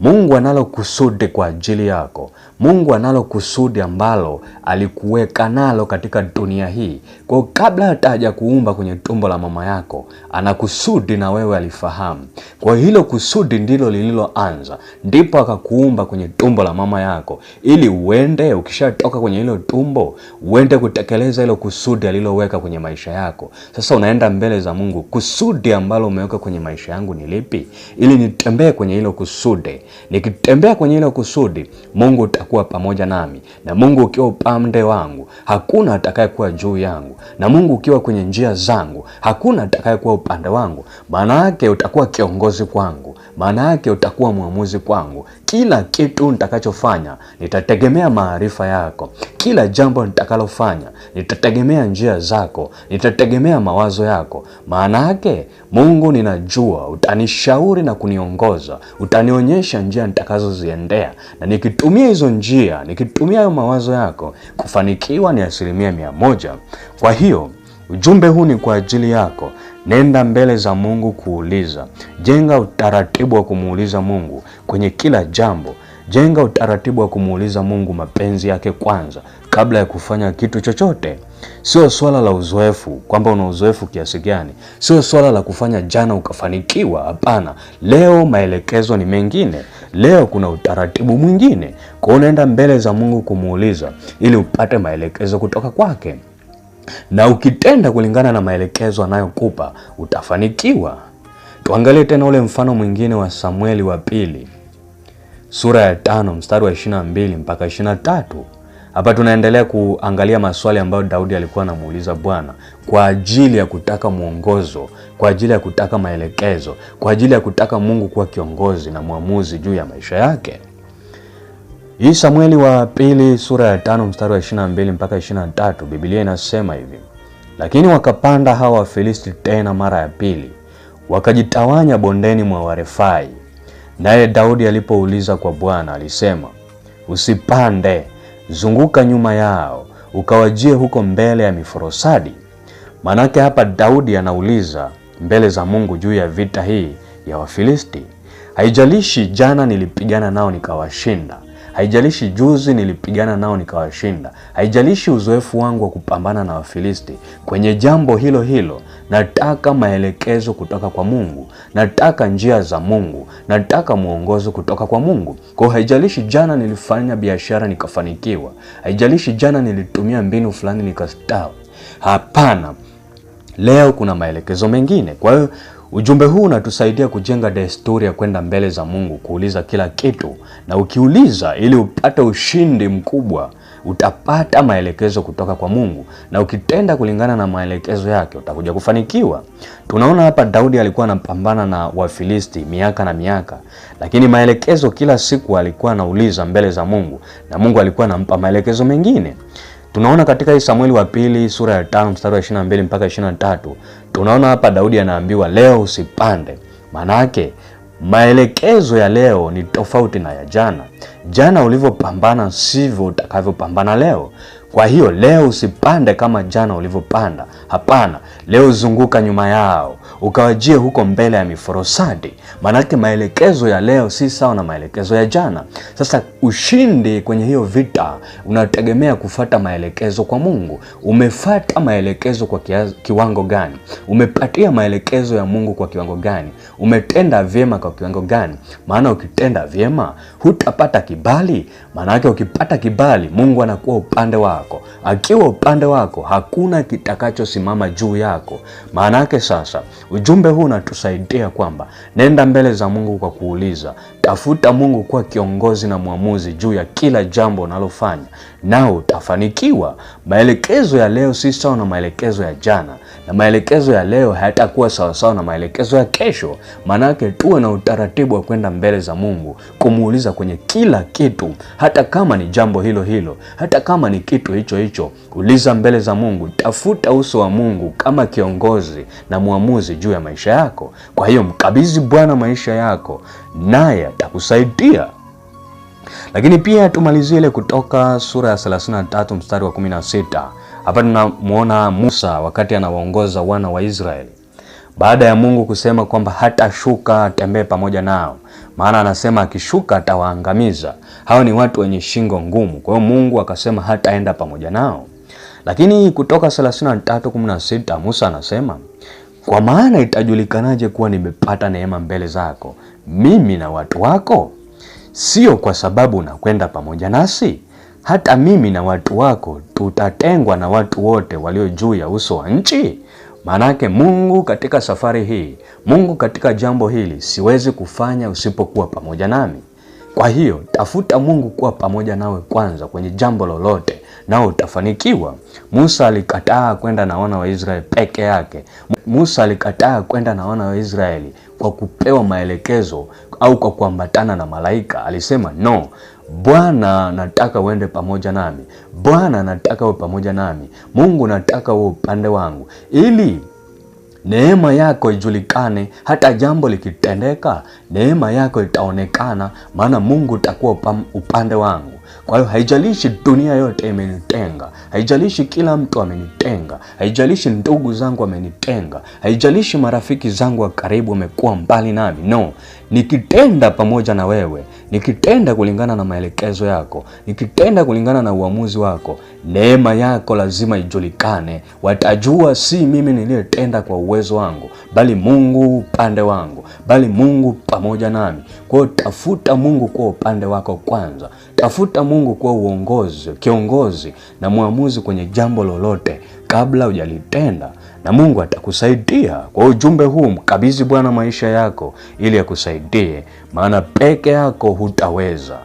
Mungu analo kusudi kwa ajili yako. Mungu analo kusudi ambalo alikuweka nalo katika dunia hii. Kwa hiyo kabla hata kuumba kwenye tumbo la mama yako, ana kusudi na wewe alifahamu. Kwa hiyo hilo kusudi ndilo lililoanza, ndipo akakuumba kwenye tumbo la mama yako, ili uende, ukishatoka kwenye hilo tumbo, uende kutekeleza hilo kusudi aliloweka kwenye maisha yako. Sasa unaenda mbele za Mungu, kusudi ambalo umeweka kwenye maisha yangu ni lipi? Ili nitembee kwenye hilo kusudi Nikitembea kwenye ile kusudi, Mungu utakuwa pamoja nami, na Mungu ukiwa upande wangu, hakuna atakayekuwa juu yangu, na Mungu ukiwa kwenye njia zangu, hakuna atakayekuwa upande wangu. Maana yake utakuwa kiongozi kwangu, maana yake utakuwa mwamuzi kwangu. Kila kitu nitakachofanya nitategemea maarifa yako, kila jambo nitakalofanya nitategemea njia zako, nitategemea mawazo yako. Maana yake Mungu, ninajua utanishauri na kuniongoza, utanionyesha njia nitakazoziendea, na nikitumia hizo njia, nikitumia hayo mawazo yako, kufanikiwa ni asilimia mia moja. Kwa hiyo ujumbe huu ni kwa ajili yako. Nenda mbele za Mungu kuuliza, jenga utaratibu wa kumuuliza Mungu kwenye kila jambo. Jenga utaratibu wa kumuuliza Mungu mapenzi yake kwanza kabla ya kufanya kitu chochote. Sio swala la uzoefu, kwamba una uzoefu kiasi gani. Sio swala la kufanya jana ukafanikiwa. Hapana, leo maelekezo ni mengine, leo kuna utaratibu mwingine. Kwa unaenda mbele za Mungu kumuuliza ili upate maelekezo kutoka kwake, na ukitenda kulingana na maelekezo anayokupa utafanikiwa. Tuangalie tena ule mfano mwingine wa Samueli wa pili sura ya tano mstari wa 22 mpaka 23. Hapa tunaendelea kuangalia maswali ambayo Daudi alikuwa anamuuliza Bwana kwa ajili ya kutaka mwongozo, kwa ajili ya kutaka maelekezo, kwa ajili ya kutaka Mungu kuwa kiongozi na mwamuzi juu ya maisha yake. Hii Samueli wa pili sura ya tano mstari wa 22 mpaka 23, Biblia inasema hivi: lakini wakapanda hawa Wafilisti tena mara ya pili, wakajitawanya bondeni mwa Warefai. Naye Daudi alipouliza kwa Bwana alisema, usipande zunguka nyuma yao ukawajie huko mbele ya miforosadi. Manake hapa Daudi anauliza mbele za Mungu juu ya vita hii ya Wafilisti. Haijalishi jana nilipigana nao nikawashinda Haijalishi juzi nilipigana nao nikawashinda, haijalishi uzoefu wangu wa kupambana na Wafilisti. Kwenye jambo hilo hilo nataka maelekezo kutoka kwa Mungu, nataka njia za Mungu, nataka mwongozo kutoka kwa Mungu. Kwa hiyo haijalishi jana nilifanya biashara nikafanikiwa, haijalishi jana nilitumia mbinu fulani nikastawi. Hapana, leo kuna maelekezo mengine. Kwa hiyo Ujumbe huu unatusaidia kujenga desturi ya kwenda mbele za Mungu, kuuliza kila kitu, na ukiuliza ili upate ushindi mkubwa, utapata maelekezo kutoka kwa Mungu, na ukitenda kulingana na maelekezo yake utakuja kufanikiwa. Tunaona hapa Daudi alikuwa anapambana na Wafilisti miaka na miaka, lakini maelekezo kila siku alikuwa anauliza mbele za Mungu, na Mungu alikuwa anampa maelekezo mengine. Tunaona katika hii Samueli wa pili sura ya tano mstari wa 22 mpaka 23, tunaona hapa Daudi anaambiwa leo usipande. Maanake maelekezo ya leo ni tofauti na ya jana. Jana ulivyopambana sivyo utakavyopambana leo. Kwa hiyo leo usipande kama jana ulivyopanda. Hapana, leo zunguka nyuma yao, ukawajie huko mbele ya miforosadi. Maanake maelekezo ya leo si sawa na maelekezo ya jana. Sasa ushindi kwenye hiyo vita unategemea kufata maelekezo kwa Mungu. Umefata maelekezo kwa kiwango gani? Umepatia maelekezo ya Mungu kwa kiwango gani? Umetenda vyema kwa kiwango gani? Maana ukitenda vyema hutapata kibali. Maanake ukipata kibali, Mungu anakuwa upande wako. Akiwa upande wako, hakuna kitakachosimama juu yako. Maanake sasa Ujumbe huu unatusaidia kwamba nenda mbele za Mungu kwa kuuliza, tafuta Mungu kuwa kiongozi na mwamuzi juu ya kila jambo unalofanya, nao utafanikiwa. Maelekezo ya leo si sawa na maelekezo ya jana, na maelekezo ya leo hayatakuwa sawasawa na maelekezo ya kesho. Maanake tuwe na utaratibu wa kwenda mbele za Mungu kumuuliza kwenye kila kitu, hata kama ni jambo hilo hilo, hata kama ni kitu hicho hicho, uliza mbele za Mungu, tafuta uso wa Mungu kama kiongozi na mwamuzi juu ya maisha yako. Kwa hiyo mkabidhi Bwana maisha yako, naye atakusaidia. Lakini pia tumalizie ile Kutoka sura ya 33 mstari wa 16. Hapa tunamwona Musa wakati anawaongoza wana wa Israeli baada ya Mungu kusema kwamba hatashuka atembee pamoja nao, maana anasema akishuka atawaangamiza. Hao ni watu wenye shingo ngumu. Kwa hiyo Mungu akasema hataenda pamoja nao. Lakini Kutoka 33:16 Musa anasema kwa maana itajulikanaje kuwa nimepata neema mbele zako, mimi na watu wako? Sio kwa sababu nakwenda pamoja nasi. Hata mimi na watu wako tutatengwa na watu wote walio juu ya uso wa nchi. Maanake Mungu, katika safari hii, Mungu, katika jambo hili, siwezi kufanya usipokuwa pamoja nami. Kwa hiyo tafuta Mungu kuwa pamoja nawe kwanza kwenye jambo lolote nao utafanikiwa. Musa alikataa kwenda na wana wa Israeli peke yake. Musa alikataa kwenda na wana wa Israeli kwa kupewa maelekezo au kwa kuambatana na malaika. Alisema no, Bwana nataka uende pamoja nami, Bwana nataka uwe pamoja nami, Mungu nataka uwe upande wangu ili neema yako ijulikane. Hata jambo likitendeka, neema yako itaonekana, maana Mungu utakuwa upande wangu. Kwa hiyo haijalishi dunia yote imenitenga, haijalishi kila mtu amenitenga, haijalishi ndugu zangu amenitenga, haijalishi marafiki zangu wa karibu wamekuwa mbali nami. No, nikitenda pamoja na wewe, nikitenda kulingana na maelekezo yako, nikitenda kulingana na uamuzi wako, neema yako lazima ijulikane. Watajua si mimi niliyetenda kwa uwezo wangu, bali Mungu upande wangu bali Mungu pamoja nami. Kwa hiyo tafuta Mungu kwa upande wako kwanza, tafuta Mungu kwa uongozi, kiongozi na mwamuzi kwenye jambo lolote kabla hujalitenda na Mungu atakusaidia. Kwa ujumbe huu, mkabidhi Bwana maisha yako ili akusaidie, maana peke yako hutaweza.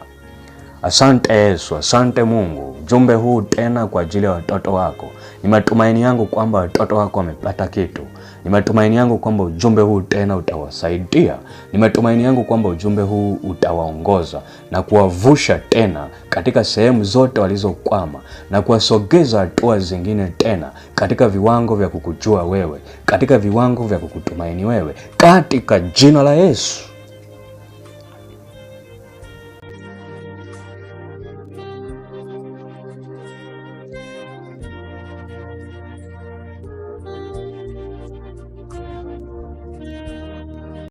Asante Yesu, asante Mungu. Ujumbe huu tena kwa ajili ya watoto wako, ni matumaini yangu kwamba watoto wako wamepata kitu. Ni matumaini yangu kwamba ujumbe huu tena utawasaidia. Ni matumaini yangu kwamba ujumbe huu utawaongoza na kuwavusha tena katika sehemu zote walizokwama na kuwasogeza hatua zingine tena katika viwango vya kukujua wewe, katika viwango vya kukutumaini wewe, katika jina la Yesu.